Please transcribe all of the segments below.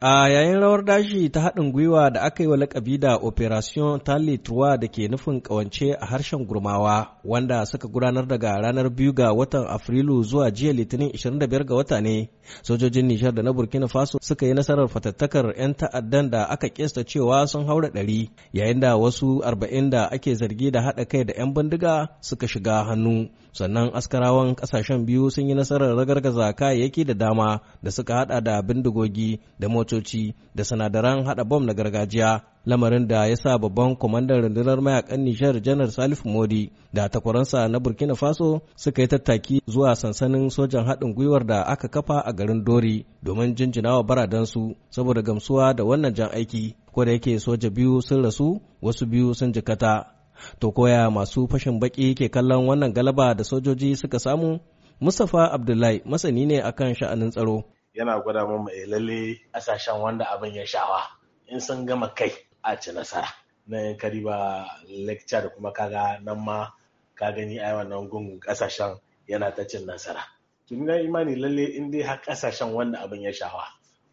A yayin rawar dashi ta haɗin gwiwa da aka yi wa lakabi da Operation Tali Truwa da ke nufin ƙawance a harshen Gurmawa, wanda suka gudanar daga ranar biyu ga watan Afrilu zuwa jiya Litinin 25 ga wata ne, sojojin Nijar da na Burkina Faso suka yi nasarar fatattakar 'yan ta'addan da aka kesta cewa sun haura ɗari, yayin da wasu arba'in da ake zargi da haɗa kai da 'yan bindiga suka shiga hannu. Sannan askarawan ƙasashen biyu sun yi nasarar ragargaza kayayyaki da dama da suka haɗa da bindigogi da motoci da sinadaran hada bom na gargajiya lamarin da ya sa babban kwamandan rundunar mayakan Nijar janar Salif Modi da takwaransa na Burkina Faso suka yi tattaki zuwa sansanin sojan haɗin gwiwar da aka kafa a garin Dori domin jinjinawa baradansu saboda gamsuwa da wannan jan aiki ko da yake soja biyu sun rasu wasu biyu sun jikata to koya masu fashin baki ke kallon wannan galaba da sojoji suka samu Mustapha Abdullahi masani ne akan sha'anin tsaro yana gwada mu mai lalle kasashen wanda abin ya shawa in sun gama kai a ci nasara na yin kari ba lecture da kuma kaga nan ma ka gani ai wannan gungun kasashen yana ta cin nasara kin ga imani lalle in dai har kasashen wanda abin ya shawa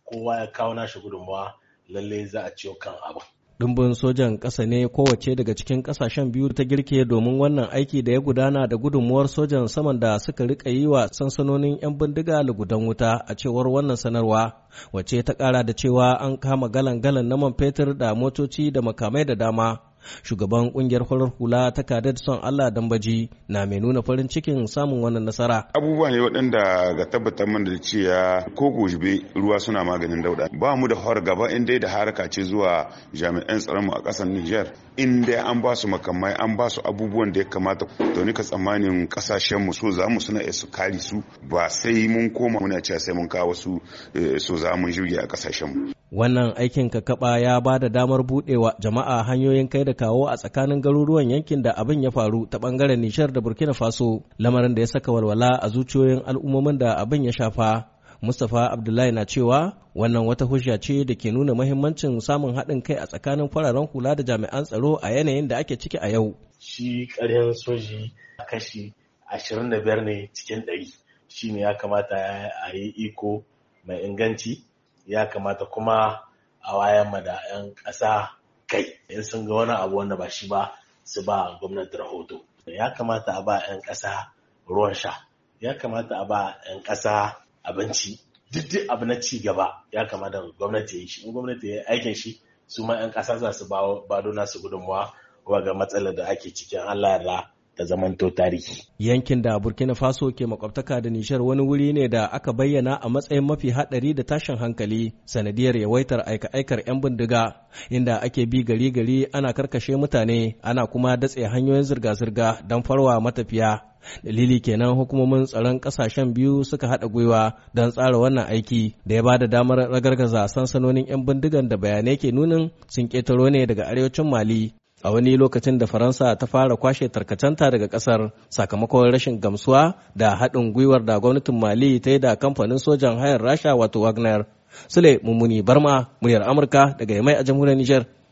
kowa ya kawo nashi gudunmawa lalle za a ciyo kan abin dumbin sojan ƙasa ne kowace daga cikin ƙasashen biyu ta girke domin wannan aiki da ya gudana da gudunmuwar sojan saman da suka riƙa yi wa sansanonin 'yan bindiga lugudan wuta a cewar wannan sanarwa, wace ta ƙara da cewa an kama galan-galan na man fetur da motoci da makamai da dama. shugaban kungiyar farar hula ta kadar son Allah dambaji na mai nuna farin cikin samun wannan nasara abubuwa ne waɗanda ga tabbatar mana da cewa ko gobe ruwa suna maganin dauda ba mu da har gaba in dai da haraka ce zuwa jami'an tsaron mu a ƙasar Nijar. in dai an ba su makamai an ba su abubuwan da ya kamata to ni ka tsammanin kasashen mu so za mu suna su kare su ba sai mun koma muna cewa sai mun kawo su eh, so za mu a kasashen mu Wannan aikin kakaba ya ba da damar budewa jama'a hanyoyin kai da kawo a tsakanin garuruwan yankin da abin ya faru ta bangaren Nishar da Burkina Faso, lamarin da ya saka walwala a zuciyoyin al'ummomin da abin ya shafa. Mustapha Abdullahi na cewa wannan wata hujja ce da ke nuna mahimmancin samun haɗin kai a tsakanin fararen hula da jami'an tsaro a yanayin da ake ciki a yau. Shi karyar soji a kashi 25 ne cikin ɗari shi ne ya kamata a yi iko mai inganci ya kamata kuma a wayan ma da 'yan ƙasa kai in sun ga wani abu wanda ba shi ba su ba gwamnati rahoto ya kamata a ba 'yan ƙasa ruwan sha ya kamata a ba 'yan ƙasa abinci duk duk abu na ci gaba ya kamata gwamnati ya yi shi in gwamnati ya yi aikin shi su ma 'yan ƙasa za su ba nasu gudunmuwa wa ga matsalar da ake cikin Allah da. ta zamanto tarihi. Yankin da Burkina Faso ke makwabtaka da Nishar wani wuri ne da aka bayyana a matsayin mafi haɗari da tashin hankali sanadiyar yawaitar aika-aikar 'yan bindiga inda ake bi gari-gari ana karkashe mutane ana kuma datse hanyoyin zirga-zirga don farwa matafiya. Dalili kenan hukumomin tsaron kasashen biyu suka haɗa gwiwa don tsara wannan aiki da ya ba da damar ragargaza sansanonin 'yan bindigan da bayanai ke nunin sun ƙetaro ne daga arewacin Mali a wani lokacin da faransa ta fara kwashe tarkacenta daga kasar sakamakon rashin gamsuwa da haɗin gwiwar da gwamnatin mali ta yi da kamfanin sojan hayar rasha wato wagner sule mummuni barma muryar amurka daga yamai a jamhuriyar niger